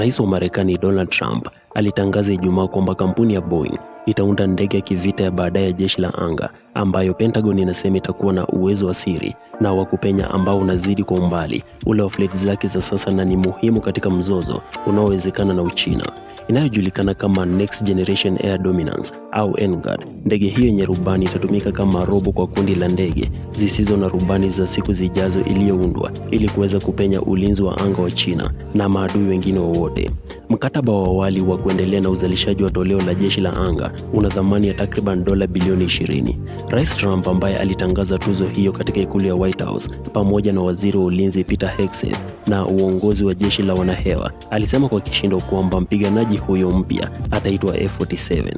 Rais wa Marekani Donald Trump alitangaza Ijumaa kwamba kampuni ya Boeing itaunda ndege ya kivita ya baadaye ya jeshi la anga ambayo Pentagon inasema itakuwa na uwezo wa siri na wa kupenya ambao unazidi kwa umbali ule wa fleti zake za sasa na ni muhimu katika mzozo unaowezekana na Uchina inayojulikana kama Next Generation Air Dominance au NGAD. Ndege hiyo yenye rubani itatumika kama robo kwa kundi la ndege zisizo na rubani za siku zijazo iliyoundwa ili kuweza kupenya ulinzi wa anga wa China na maadui wengine wowote. Mkataba wa awali wa kuendelea na uzalishaji wa toleo la jeshi la anga una thamani ya takriban dola bilioni 20. Rais Trump ambaye alitangaza tuzo hiyo katika ikulu ya White House pamoja na waziri wa ulinzi Peter Hegseth na uongozi wa jeshi la wanahewa alisema kwa kishindo kwamba mpiganaji huyo mpya ataitwa F47.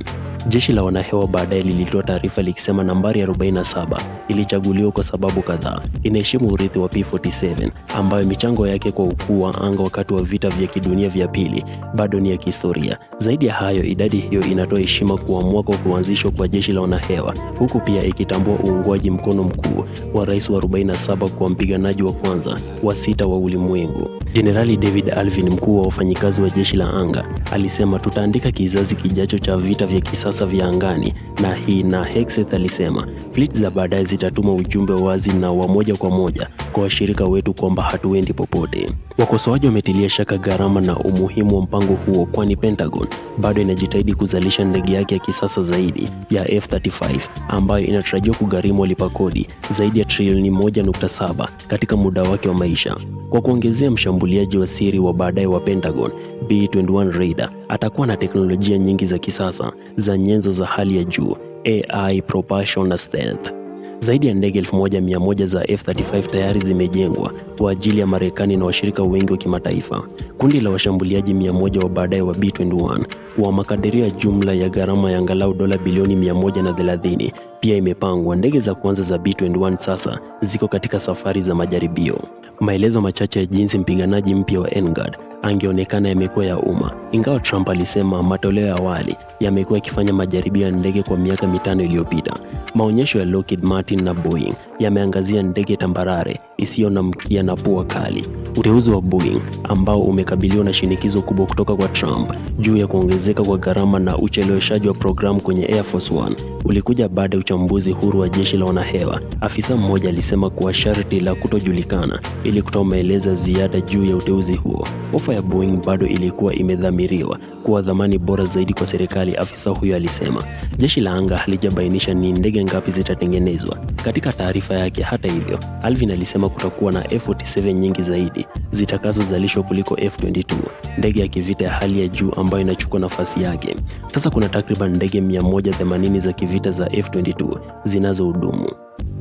Jeshi la wanahewa baadaye lilitoa taarifa likisema nambari 47 ilichaguliwa kwa sababu kadhaa. Inaheshimu urithi wa P47 ambayo michango yake kwa ukuu wa anga wakati wa vita vya kidunia vya pili bado ni ya kihistoria. Zaidi ya hayo, idadi hiyo inatoa heshima kwa mwaka wa kuanzishwa kwa jeshi la wanahewa, huku pia ikitambua uungwaji mkono mkuu wa rais wa 47 kwa mpiganaji wa kwanza wa sita wa ulimwengu. Jenerali David Alvin, mkuu wa wafanyikazi wa jeshi la anga, alisema, tutaandika kizazi kijacho cha vita vya kisasa sasa vya angani na hii na Hexeth alisema fleet za baadaye zitatuma ujumbe wazi na wa moja kwa moja kwa washirika wetu kwamba hatuendi popote. Wakosoaji wametilia shaka gharama na umuhimu wa mpango huo, kwani Pentagon bado inajitahidi kuzalisha ndege yake ya kisasa zaidi ya F-35 ambayo inatarajiwa kugharimu walipa kodi zaidi ya trilioni 1.7 katika muda wake wa maisha. Kwa kuongezea, mshambuliaji wa siri wa baadaye wa Pentagon B21 Raider atakuwa na teknolojia nyingi za kisasa za nyenzo za hali ya juu, AI propulsion na stealth. Zaidi ya ndege 1100 za F-35 tayari zimejengwa kwa ajili ya Marekani na washirika wengi wa kimataifa. Kundi la washambuliaji 100 wa baadaye wa B-21 kwa makadirio ya jumla ya gharama ya angalau dola bilioni 130 pia imepangwa. Ndege za kwanza za B-21 sasa ziko katika safari za majaribio. Maelezo machache ya jinsi mpiganaji mpya wa NGAD angeonekana yamekuwa ya umma, ingawa Trump alisema matoleo ya awali yamekuwa yakifanya majaribio ya ndege kwa miaka mitano iliyopita. Maonyesho ya Lockheed Martin na Boeing yameangazia ndege tambarare isiyo na mkia na pua kali. Uteuzi wa Boeing ambao umekabiliwa na shinikizo kubwa kutoka kwa Trump juu ya kuongezeka kwa gharama na ucheleweshaji wa programu kwenye Air Force One ulikuja baada ya uchambuzi huru wa jeshi la wanahewa. Afisa mmoja alisema kuwa sharti la kutojulikana ili kutoa maelezo ya ziada juu ya uteuzi huo. Ofa ya Boeing bado ilikuwa imedhamiriwa kuwa dhamani bora zaidi kwa serikali, afisa huyo alisema. Jeshi la anga halijabainisha ni ndege ngapi zitatengenezwa katika taarifa yake. Hata hivyo, Alvin alisema kutakuwa na F47 nyingi zaidi zitakazozalishwa kuliko F22, ndege ya kivita ya hali ya juu ambayo inachukua nafasi yake. Sasa kuna takriban ndege 180 za kivita za F22 zinazohudumu.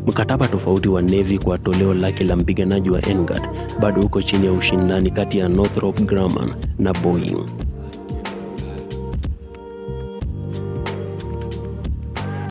Mkataba tofauti wa Navy kwa toleo lake la mpiganaji wa engard bado uko chini ya ushindani kati ya Northrop Grumman na Boeing.